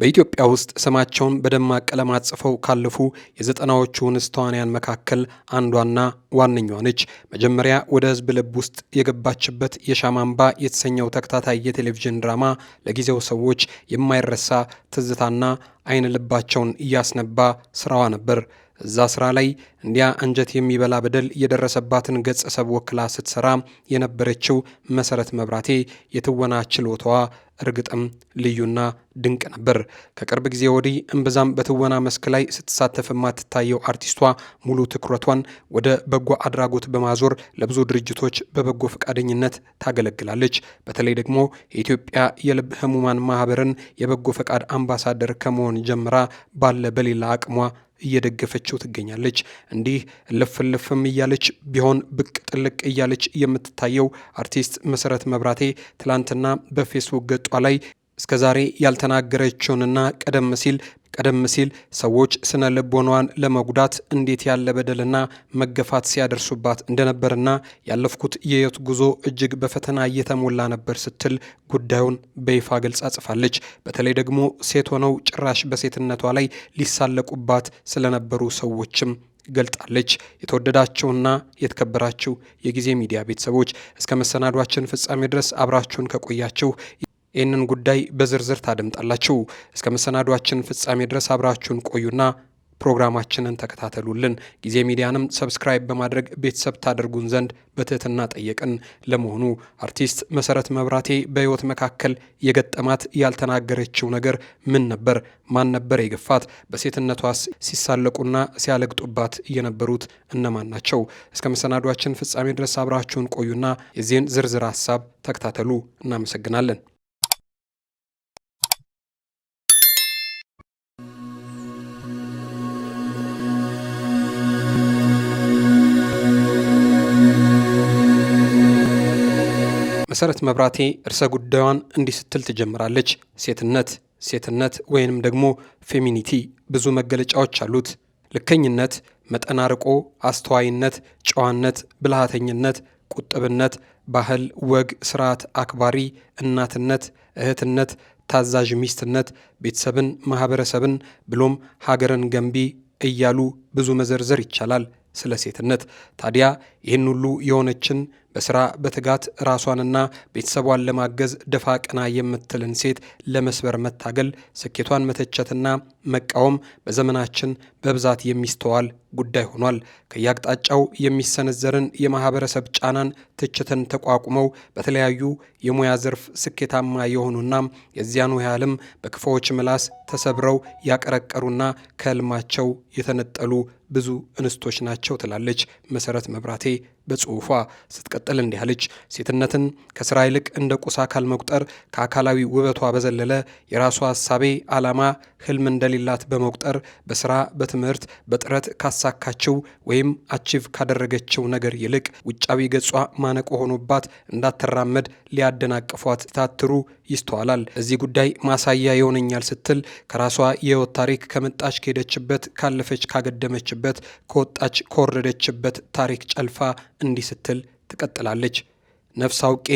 በኢትዮጵያ ውስጥ ስማቸውን በደማቅ ቀለማት ጽፈው ካለፉ የዘጠናዎቹ እንስት ተዋንያን መካከል አንዷና ዋነኛዋ ነች። መጀመሪያ ወደ ሕዝብ ልብ ውስጥ የገባችበት የሻማምባ የተሰኘው ተከታታይ የቴሌቪዥን ድራማ ለጊዜው ሰዎች የማይረሳ ትዝታና አይን ልባቸውን እያስነባ ስራዋ ነበር። እዛ ስራ ላይ እንዲያ አንጀት የሚበላ በደል የደረሰባትን ገጸ ሰብ ወክላ ስትሰራ የነበረችው መሰረት መብራቴ የትወና ችሎታዋ እርግጥም ልዩና ድንቅ ነበር። ከቅርብ ጊዜ ወዲህ እምብዛም በትወና መስክ ላይ ስትሳተፍ የማትታየው አርቲስቷ ሙሉ ትኩረቷን ወደ በጎ አድራጎት በማዞር ለብዙ ድርጅቶች በበጎ ፈቃደኝነት ታገለግላለች። በተለይ ደግሞ የኢትዮጵያ የልብ ህሙማን ማህበርን የበጎ ፈቃድ አምባሳደር ከመሆን ጀምራ ባለ በሌላ አቅሟ እየደገፈችው ትገኛለች። እንዲህ ልፍ ልፍም እያለች ቢሆን ብቅ ጥልቅ እያለች የምትታየው አርቲስት መሰረት መብራቴ ትላንትና በፌስቡክ ገጧ ላይ እስከ ዛሬ ያልተናገረችውንና ቀደም ሲል ቀደም ሲል ሰዎች ስነ ልቦናዋን ለመጉዳት እንዴት ያለ በደልና መገፋት ሲያደርሱባት እንደነበርና ያለፍኩት የህይወት ጉዞ እጅግ በፈተና እየተሞላ ነበር ስትል ጉዳዩን በይፋ ገልጻ ጽፋለች። በተለይ ደግሞ ሴት ሆነው ጭራሽ በሴትነቷ ላይ ሊሳለቁባት ስለነበሩ ሰዎችም ገልጣለች። የተወደዳችሁና የተከበራችሁ የጊዜ ሚዲያ ቤተሰቦች እስከ መሰናዷችን ፍጻሜ ድረስ አብራችሁን ከቆያችሁ ይህንን ጉዳይ በዝርዝር ታደምጣላችሁ። እስከ መሰናዷችን ፍጻሜ ድረስ አብራችሁን ቆዩና ፕሮግራማችንን ተከታተሉልን። ጊዜ ሚዲያንም ሰብስክራይብ በማድረግ ቤተሰብ ታደርጉን ዘንድ በትህትና ጠየቅን። ለመሆኑ አርቲስት መሰረት መብራቴ በሕይወት መካከል የገጠማት ያልተናገረችው ነገር ምን ነበር? ማን ነበር የገፋት? በሴትነቷስ ሲሳለቁና ሲያለግጡባት የነበሩት እነማን ናቸው? እስከ መሰናዷችን ፍጻሜ ድረስ አብራችሁን ቆዩና የዚህን ዝርዝር ሀሳብ ተከታተሉ። እናመሰግናለን። መሰረት መብራቴ እርሰ ጉዳዩን እንዲህ ስትል ትጀምራለች። ሴትነት ሴትነት ወይንም ደግሞ ፌሚኒቲ ብዙ መገለጫዎች አሉት። ልከኝነት፣ መጠን አርቆ አስተዋይነት፣ ጨዋነት፣ ብልሃተኝነት፣ ቁጥብነት፣ ባህል፣ ወግ፣ ስርዓት አክባሪ፣ እናትነት፣ እህትነት፣ ታዛዥ ሚስትነት፣ ቤተሰብን፣ ማህበረሰብን ብሎም ሀገርን ገንቢ እያሉ ብዙ መዘርዘር ይቻላል ስለ ሴትነት። ታዲያ ይህን ሁሉ የሆነችን በስራ በትጋት ራሷንና ቤተሰቧን ለማገዝ ደፋ ቀና የምትልን ሴት ለመስበር መታገል፣ ስኬቷን መተቸትና መቃወም በዘመናችን በብዛት የሚስተዋል ጉዳይ ሆኗል። ከየአቅጣጫው የሚሰነዘርን የማህበረሰብ ጫናን፣ ትችትን ተቋቁመው በተለያዩ የሙያ ዘርፍ ስኬታማ የሆኑና የዚያኑ ያህልም በክፉዎች ምላስ ተሰብረው ያቀረቀሩና ከህልማቸው የተነጠሉ ብዙ እንስቶች ናቸው ትላለች መሰረት መብራቴ በጽሁፏ ስትቀጥል እንዲህ አለች። ሴትነትን ከስራ ይልቅ እንደ ቁስ አካል መቁጠር ከአካላዊ ውበቷ በዘለለ የራሷ ሀሳቤ፣ አላማ፣ ህልም እንደሌላት በመቁጠር በስራ በትምህርት በጥረት ካሳካችው ወይም አቺቭ ካደረገችው ነገር ይልቅ ውጫዊ ገጿ ማነቆ ሆኖባት እንዳትራመድ ሊያደናቅፏት ታትሩ ይስተዋላል። እዚህ ጉዳይ ማሳያ ይሆነኛል ስትል ከራሷ የህይወት ታሪክ ከመጣች ከሄደችበት፣ ካለፈች፣ ካገደመችበት፣ ከወጣች ከወረደችበት ታሪክ ጨልፋ እንዲህ ስትል ትቀጥላለች። ነፍስ አውቄ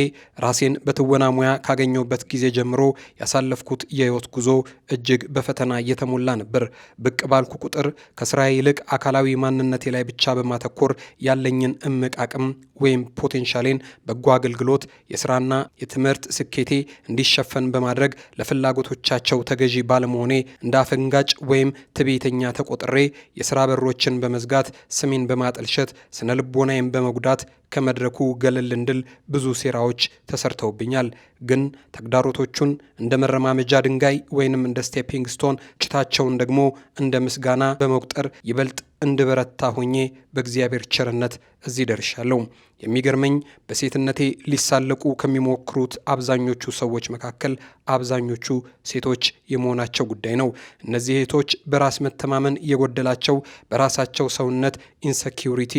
ራሴን በትወና ሙያ ካገኘሁበት ጊዜ ጀምሮ ያሳለፍኩት የህይወት ጉዞ እጅግ በፈተና እየተሞላ ነበር። ብቅ ባልኩ ቁጥር ከስራዬ ይልቅ አካላዊ ማንነቴ ላይ ብቻ በማተኮር ያለኝን እምቅ አቅም ወይም ፖቴንሻሌን፣ በጎ አገልግሎት፣ የስራና የትምህርት ስኬቴ እንዲሸፈን በማድረግ ለፍላጎቶቻቸው ተገዢ ባለመሆኔ እንደ አፈንጋጭ ወይም ትቤተኛ ተቆጥሬ የስራ በሮችን በመዝጋት ስሜን በማጠልሸት ስነ ልቦናዬን በመጉዳት ከመድረኩ ገለል እንድል ብዙ ሴራዎች ተሰርተውብኛል ግን ተግዳሮቶቹን እንደ መረማመጃ ድንጋይ ወይንም እንደ ስቴፒንግ ስቶን፣ ችታቸውን ደግሞ እንደ ምስጋና በመቁጠር ይበልጥ እንድበረታ ሆኜ በእግዚአብሔር ቸርነት እዚህ ደርሻለሁ። የሚገርመኝ በሴትነቴ ሊሳለቁ ከሚሞክሩት አብዛኞቹ ሰዎች መካከል አብዛኞቹ ሴቶች የመሆናቸው ጉዳይ ነው። እነዚህ ሴቶች በራስ መተማመን የጎደላቸው በራሳቸው ሰውነት ኢንሰኪሪቲ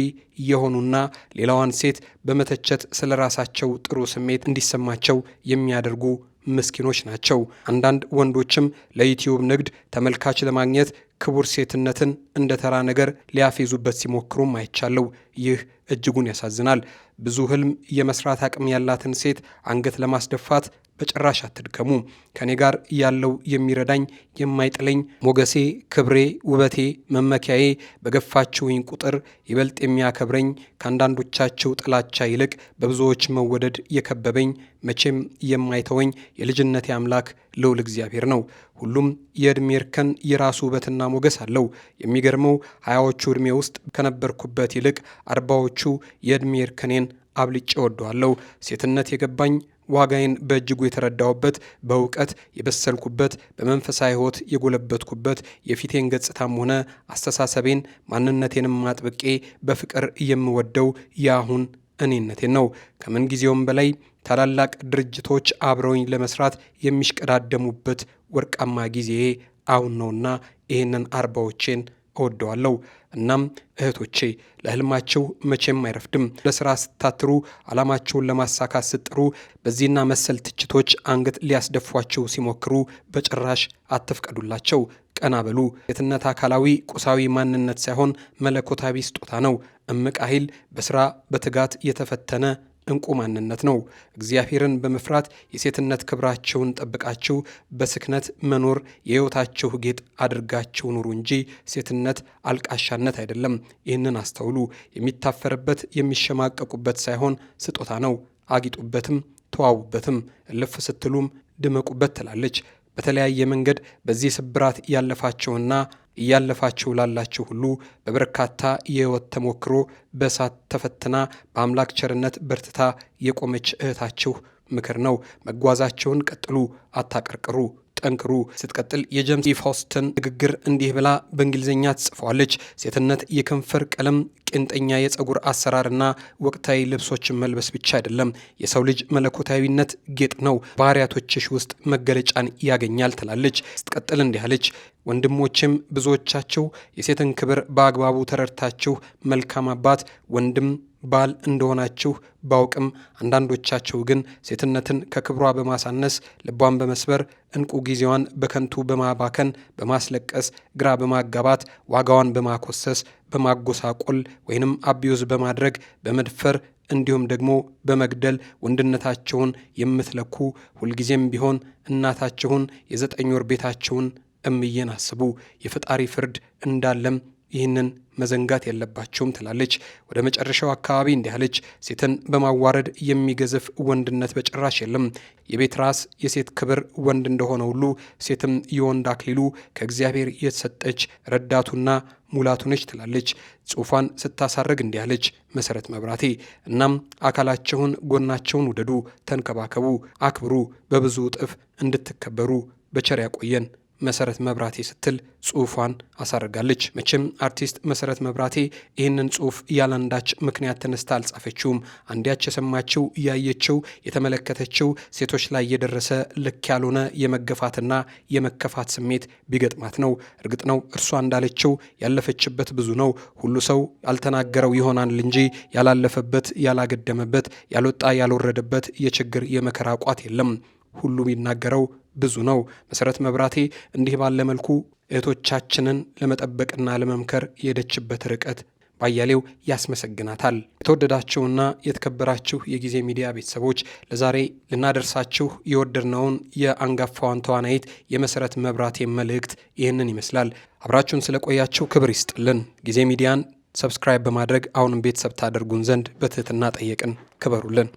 የሆኑና ሌላዋን ሴት በመተቸት ስለ ራሳቸው ጥሩ ስሜት እንዲሰማቸው የሚያደርጉ ምስኪኖች ናቸው። አንዳንድ ወንዶችም ለዩትዩብ ንግድ ተመልካች ለማግኘት ክቡር ሴትነትን እንደ ተራ ነገር ሊያፌዙበት ሲሞክሩም አይቻለው። ይህ እጅጉን ያሳዝናል። ብዙ ህልም የመስራት አቅም ያላትን ሴት አንገት ለማስደፋት በጭራሽ አትድከሙ። ከእኔ ጋር ያለው የሚረዳኝ የማይጥለኝ ሞገሴ፣ ክብሬ፣ ውበቴ፣ መመኪያዬ በገፋችሁኝ ቁጥር ይበልጥ የሚያከብረኝ ከአንዳንዶቻችሁ ጥላቻ ይልቅ በብዙዎች መወደድ የከበበኝ መቼም የማይተወኝ የልጅነቴ አምላክ ልዑል እግዚአብሔር ነው። ሁሉም የዕድሜ እርከን የራሱ ውበትና ሞገስ አለው። የሚገርመው ሀያዎቹ ዕድሜ ውስጥ ከነበርኩበት ይልቅ አርባዎቹ የዕድሜ እርከኔን አብልጬ ወደዋለሁ። ሴትነት የገባኝ ዋጋዬን በእጅጉ የተረዳሁበት በእውቀት የበሰልኩበት በመንፈሳዊ ሕይወት የጎለበትኩበት የፊቴን ገጽታም ሆነ አስተሳሰቤን ማንነቴንም አጥብቄ በፍቅር የምወደው የአሁን እኔነቴን ነው። ከምን ጊዜውም በላይ ታላላቅ ድርጅቶች አብረውኝ ለመስራት የሚሽቀዳደሙበት ወርቃማ ጊዜዬ አሁን ነውና ይህንን አርባዎቼን እወደዋለሁ። እናም እህቶቼ ለህልማችሁ መቼም አይረፍድም። ለስራ ስታትሩ፣ አላማችሁን ለማሳካት ስጥሩ በዚህና መሰል ትችቶች አንገት ሊያስደፏችሁ ሲሞክሩ በጭራሽ አትፍቀዱላቸው። ቀና በሉ። የትነት አካላዊ ቁሳዊ ማንነት ሳይሆን መለኮታዊ ስጦታ ነው። እምቅ ኃይል በስራ በትጋት የተፈተነ እንቁ ማንነት ነው። እግዚአብሔርን በመፍራት የሴትነት ክብራቸውን ጠብቃችሁ በስክነት መኖር የሕይወታችሁ ጌጥ አድርጋችሁ ኑሩ እንጂ ሴትነት አልቃሻነት አይደለም። ይህንን አስተውሉ። የሚታፈርበት የሚሸማቀቁበት ሳይሆን ስጦታ ነው። አጊጡበትም፣ ተዋቡበትም፣ እልፍ ስትሉም ድመቁበት ትላለች። በተለያየ መንገድ በዚህ ስብራት ያለፋቸውና እያለፋችሁ ላላችሁ ሁሉ በበርካታ የህይወት ተሞክሮ በእሳት ተፈትና በአምላክ ቸርነት በርትታ የቆመች እህታችሁ ምክር ነው። መጓዛቸውን ቀጥሉ፣ አታቀርቅሩ ጠንክሩ። ስትቀጥል የጀምስ ፋውስትን ንግግር እንዲህ ብላ በእንግሊዝኛ ትጽፈዋለች። ሴትነት የከንፈር ቀለም ቄንጠኛ የፀጉር አሰራርና ወቅታዊ ልብሶችን መልበስ ብቻ አይደለም፣ የሰው ልጅ መለኮታዊነት ጌጥ ነው፣ ባህሪያቶችሽ ውስጥ መገለጫን ያገኛል ትላለች። ስትቀጥል እንዲህ አለች። ወንድሞችም ብዙዎቻችሁ የሴትን ክብር በአግባቡ ተረድታችሁ መልካም አባት፣ ወንድም፣ ባል እንደሆናችሁ ባውቅም አንዳንዶቻችሁ ግን ሴትነትን ከክብሯ በማሳነስ ልቧን በመስበር እንቁ ጊዜዋን በከንቱ በማባከን በማስለቀስ ግራ በማጋባት ዋጋዋን በማኮሰስ በማጎሳቆል ወይንም አቢዩዝ በማድረግ በመድፈር እንዲሁም ደግሞ በመግደል ወንድነታቸውን የምትለኩ ሁልጊዜም ቢሆን እናታቸውን የዘጠኝ ወር ቤታቸውን እምዬን አስቡ። የፈጣሪ ፍርድ እንዳለም ይህንን መዘንጋት የለባቸውም ትላለች። ወደ መጨረሻው አካባቢ እንዲህ አለች፣ ሴትን በማዋረድ የሚገዝፍ ወንድነት በጭራሽ የለም። የቤት ራስ የሴት ክብር ወንድ እንደሆነ ሁሉ ሴትም የወንድ አክሊሉ ከእግዚአብሔር የተሰጠች ረዳቱና ሙላቱ ነች ትላለች። ጽሑፏን ስታሳርግ እንዲህ አለች መሰረት መብራቴ። እናም አካላቸውን፣ ጎናቸውን ውደዱ፣ ተንከባከቡ፣ አክብሩ፣ በብዙ እጥፍ እንድትከበሩ በቸር ያቆየን። መሰረት መብራቴ ስትል ጽሁፏን አሳርጋለች። መቼም አርቲስት መሰረት መብራቴ ይህንን ጽሁፍ ያላንዳች ምክንያት ተነስታ አልጻፈችውም። አንዲያች የሰማችው ያየችው፣ የተመለከተችው ሴቶች ላይ የደረሰ ልክ ያልሆነ የመገፋትና የመከፋት ስሜት ቢገጥማት ነው። እርግጥ ነው እርሷ እንዳለችው ያለፈችበት ብዙ ነው። ሁሉ ሰው ያልተናገረው ይሆናል እንጂ ያላለፈበት፣ ያላገደመበት፣ ያልወጣ ያልወረደበት የችግር የመከራ ቋት የለም። ሁሉ የሚናገረው ብዙ ነው። መሰረት መብራቴ እንዲህ ባለ መልኩ እህቶቻችንን ለመጠበቅና ለመምከር የሄደችበት ርቀት ባያሌው ያስመሰግናታል። የተወደዳችሁና የተከበራችሁ የጊዜ ሚዲያ ቤተሰቦች ለዛሬ ልናደርሳችሁ የወደድነውን የአንጋፋዋን ተዋናይት የመሰረት መብራቴ መልእክት ይህንን ይመስላል። አብራችሁን ስለቆያችሁ ክብር ይስጥልን። ጊዜ ሚዲያን ሰብስክራይብ በማድረግ አሁንም ቤተሰብ ታደርጉን ዘንድ በትህትና ጠየቅን። ክበሩልን።